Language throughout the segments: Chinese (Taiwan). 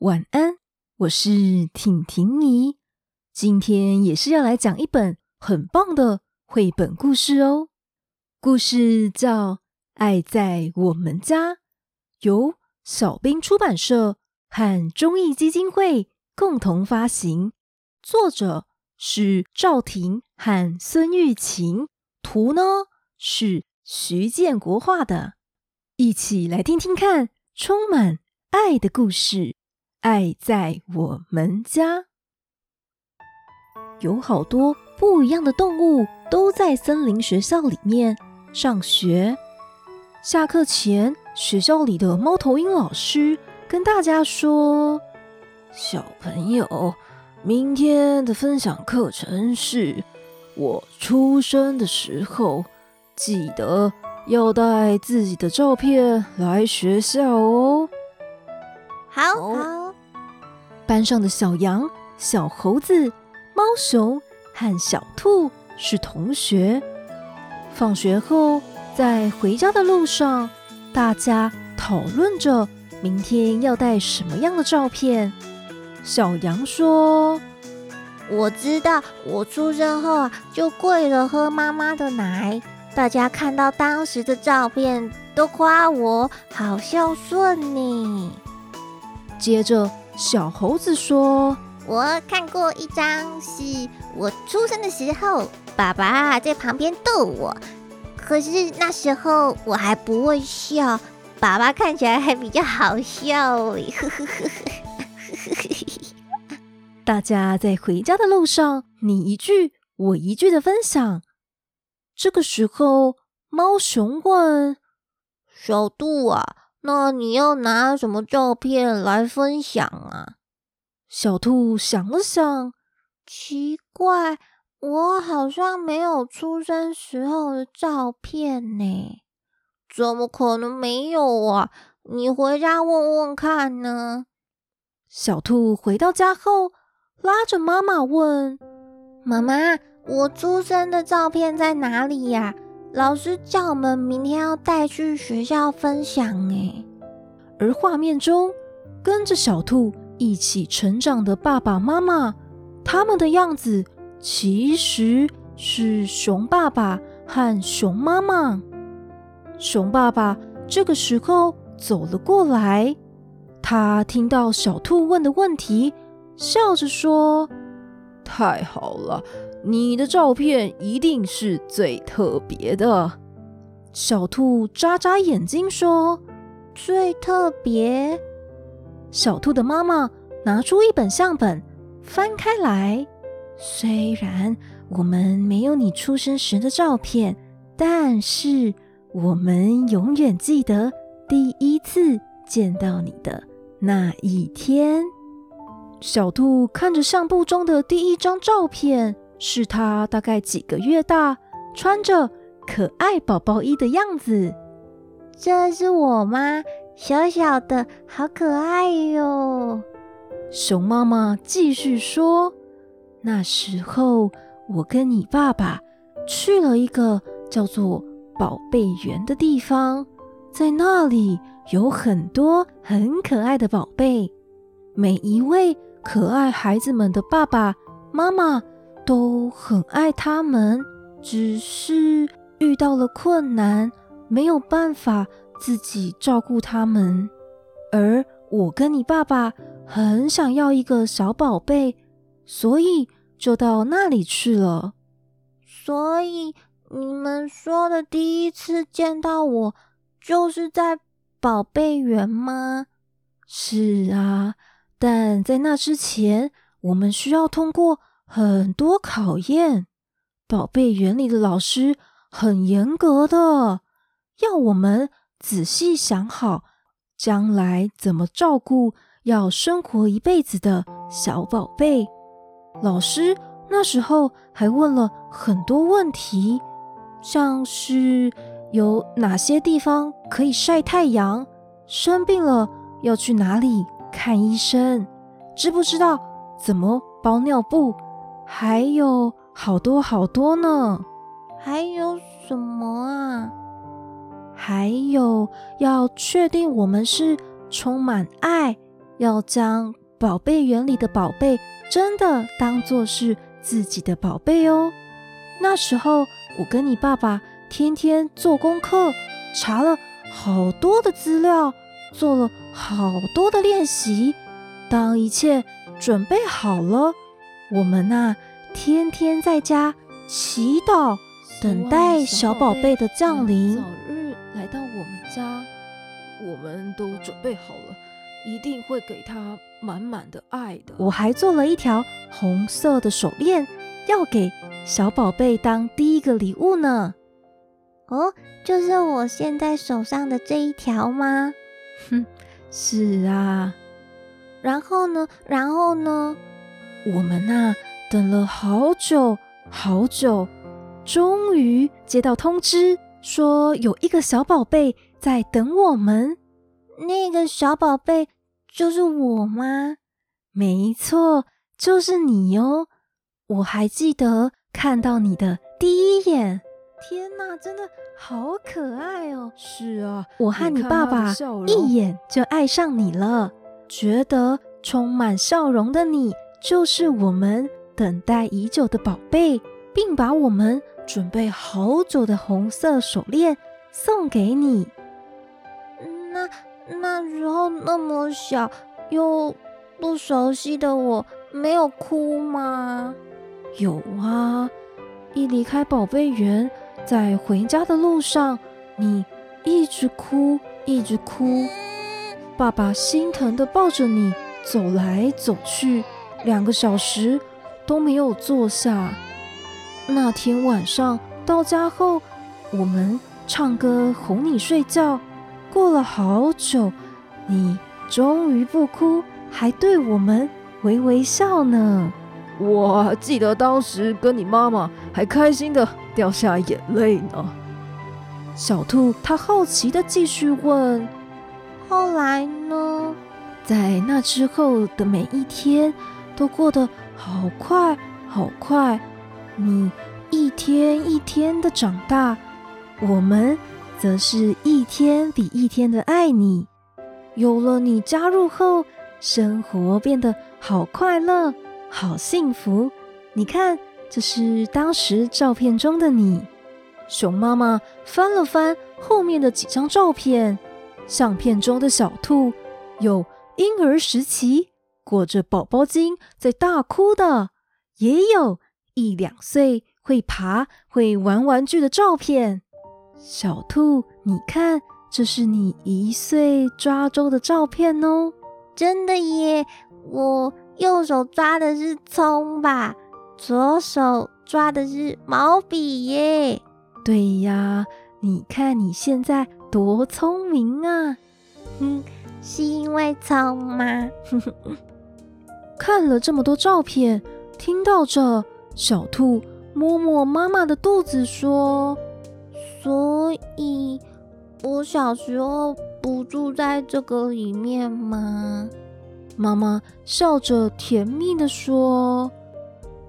晚安，我是婷婷姨。今天也是要來講一本很棒的繪本故事哦。故事叫《愛在我們家》，由小兵出版社和忠義基金會共同發行。作者是趙婷和孫玉勤，圖呢是徐建國畫的。一起來聽聽看充滿愛的故事。愛在我們家，有好多不一樣的動物都在森林學校裡面上學。下課前，學校裡的貓頭鷹老師跟大家說：“小朋友，明天的分享課程是‘我出生的時候’，記得要帶自己的照片來學校哦。”好。好。班上的小羊、小猴子、貓熊和小兔是同學。放學後，在回家的路上，大家討論着明天要帶什麼樣的照片。小羊說：“我知道，我出生後啊，就跪着喝媽媽的奶。大家看到當時的照片，都誇我好孝順呢。”接着。小猴子說：“我看過一張，是我出生的時候，爸爸在旁邊逗我。可是那時候我還不會笑，爸爸看起來還比較好笑。”呵呵呵呵呵呵。大家在回家的路上，你一句我一句的分享。這個時候，貓熊問小度啊。那你要拿什麼照片來分享啊？小兔想了想，奇怪，我好像沒有出生時候的照片呢。怎麼可能沒有啊？你回家問問看呢。小兔回到家後，拉着媽媽問：“媽媽，我出生的照片在哪裡呀？”老師叫我們明天要帶去學校分享耶。而畫面中，跟着小兔一起成長的爸爸媽媽，他們的樣子其實是熊爸爸和熊媽媽。熊爸爸這個時候走了過來，他聽到小兔問的問題，笑着說：“太好了。”你的照片一定是最特別的。小兔眨眨眼睛說：“最特別。”小兔的媽媽拿出一本相本，翻開來。雖然我們沒有你出生時的照片，但是我們永遠記得第一次見到你的那一天。小兔看着相簿中的第一張照片。是他大概幾個月大，穿着可愛寶寶衣的樣子。這是我嗎？小小的，好可愛喲！熊媽媽繼續說：“那時候我跟你爸爸去了一個叫做‘寶貝園’的地方，在那裡有很多很可愛的寶貝。每一位可愛孩子們的爸爸媽媽。”都很愛他們，只是遇到了困難，沒有辦法自己照顧他們。而我跟你爸爸很想要一個小寶貝，所以就到那裡去了。所以你們說的第一次見到我，就是在寶貝園嗎？是啊，但在那之前，我們需要通過。很多考驗，寶貝園裡的老師很嚴格的，要我們仔細想好將來怎麼照顧要生活一輩子的小寶貝。老師那時候還問了很多問題，像是有哪些地方可以曬太陽，生病了要去哪裡看醫生，知不知道怎麼包尿布？還有好多好多呢，還有什麼啊？還有要確定我們是充滿愛，要將寶貝園裡的寶貝真的當作是自己的寶貝哦。那時候我跟你爸爸天天做功課，查了好多的資料，做了好多的練習，當一切準備好了。我們啊，天天在家祈禱，等待小寶貝、嗯、的降臨、嗯，早日來到我們家。我們都準備好了，一定會給他滿滿的愛的。我還做了一條紅色的手鏈，要給小寶貝當第一個禮物呢。哦，就是我現在手上的這一條嗎？哼， 是啊。然後呢？然後呢？我們吶、啊，等了好久好久，終於接到通知，說有一個小寶貝在等我們。那個小寶貝就是我嗎？沒錯，就是你喲、哦！我還記得看到你的第一眼，天哪，真的好可愛哦！是啊，我，我和你爸爸一眼就愛上你了，覺得充滿笑容的你，就是我們等待已久的寶貝，並把我們準備好久的紅色手鏈送給你。那那時候那麼小又不熟悉的我，沒有哭嗎？有啊，一離開寶貝園，在回家的路上，你一直哭，一直哭，嗯、爸爸心疼地抱着你走來走去。兩個小時都沒有坐下。那天晚上到家後，我們唱歌哄你睡覺。過了好久，你終於不哭，還對我們微微笑呢。我記得當時跟你媽媽還開心的掉下眼淚呢。小兔，它好奇的繼續問：“後來呢？在那之後的每一天。”都過得好快，好快。你一天一天的長大，我們則是一天比一天的愛你。有了你加入後，生活變得好快樂，好幸福。你看，這是當時照片中的你。熊媽媽翻了翻後面的幾張照片，相片中的小兔有嬰兒時期。裹着寶寶巾在大哭的，也有一兩歲會爬會玩玩具的照片。小兔，你看，這是你一歲抓周的照片哦！真的耶！我右手抓的是蔥吧？左手抓的是毛筆耶？對呀，你看你現在多聰明啊！嗯，是因為蔥嗎？ 看了這麼多照片，聽到這，小兔摸,摸摸媽媽的肚子說：“所以，我小時候不住在這個裡面嗎？”媽媽笑着甜蜜地說：“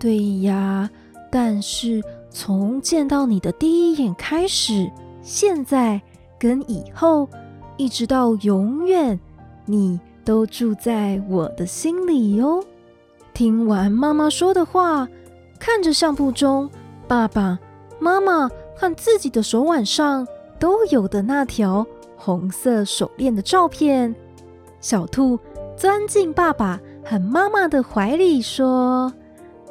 對呀，但是從見到你的第一眼開始，現在跟以後，一直到永遠，你。”都住在我的心裡喲。聽完媽媽說的話，看着相簿中爸爸媽媽和自己的手腕上都有的那條紅色手鏈的照片，小兔鑽進爸爸和媽媽的懷裡說：“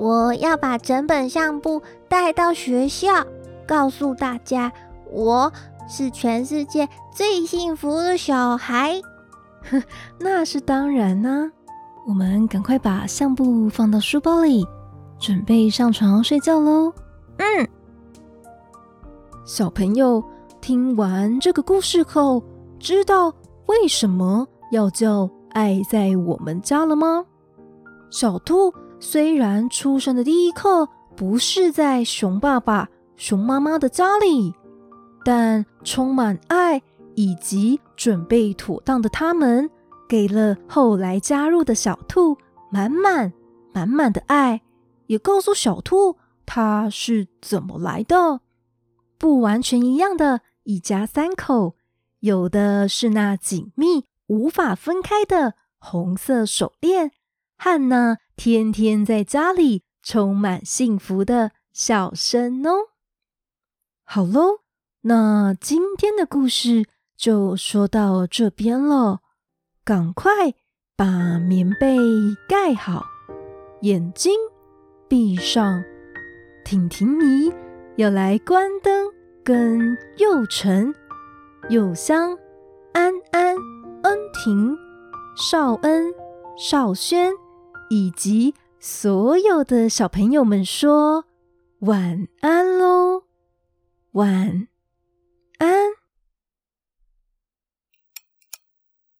我要把整本相簿帶到學校，告訴大家，我是全世界最幸福的小孩。” 那是當然啦！啊，我們趕快把相簿放到書包裡，準備上床睡覺嘍。嗯，小朋友聽完這個故事後，知道為什麼要叫愛在我們家了嗎？小兔雖然出生的第一刻不是在熊爸爸、熊媽媽的家裡，但充滿愛，以及準備妥當的他們，給了後來加入的小兔滿滿滿滿的愛，也告訴小兔它是怎麼來的。不完全一樣的一家三口，有的是那緊密無法分開的紅色手鏈，和那天天在家裡充滿幸福的笑聲哦。好嘍，那今天的故事。就說到這邊了，趕快把棉被蓋好，眼睛閉上，婷婷姨要來關燈跟晨，跟宥晨、宥緗、安安、恩婷、紹恩、紹軒以及所有的小朋友們說晚安嘍，晚安。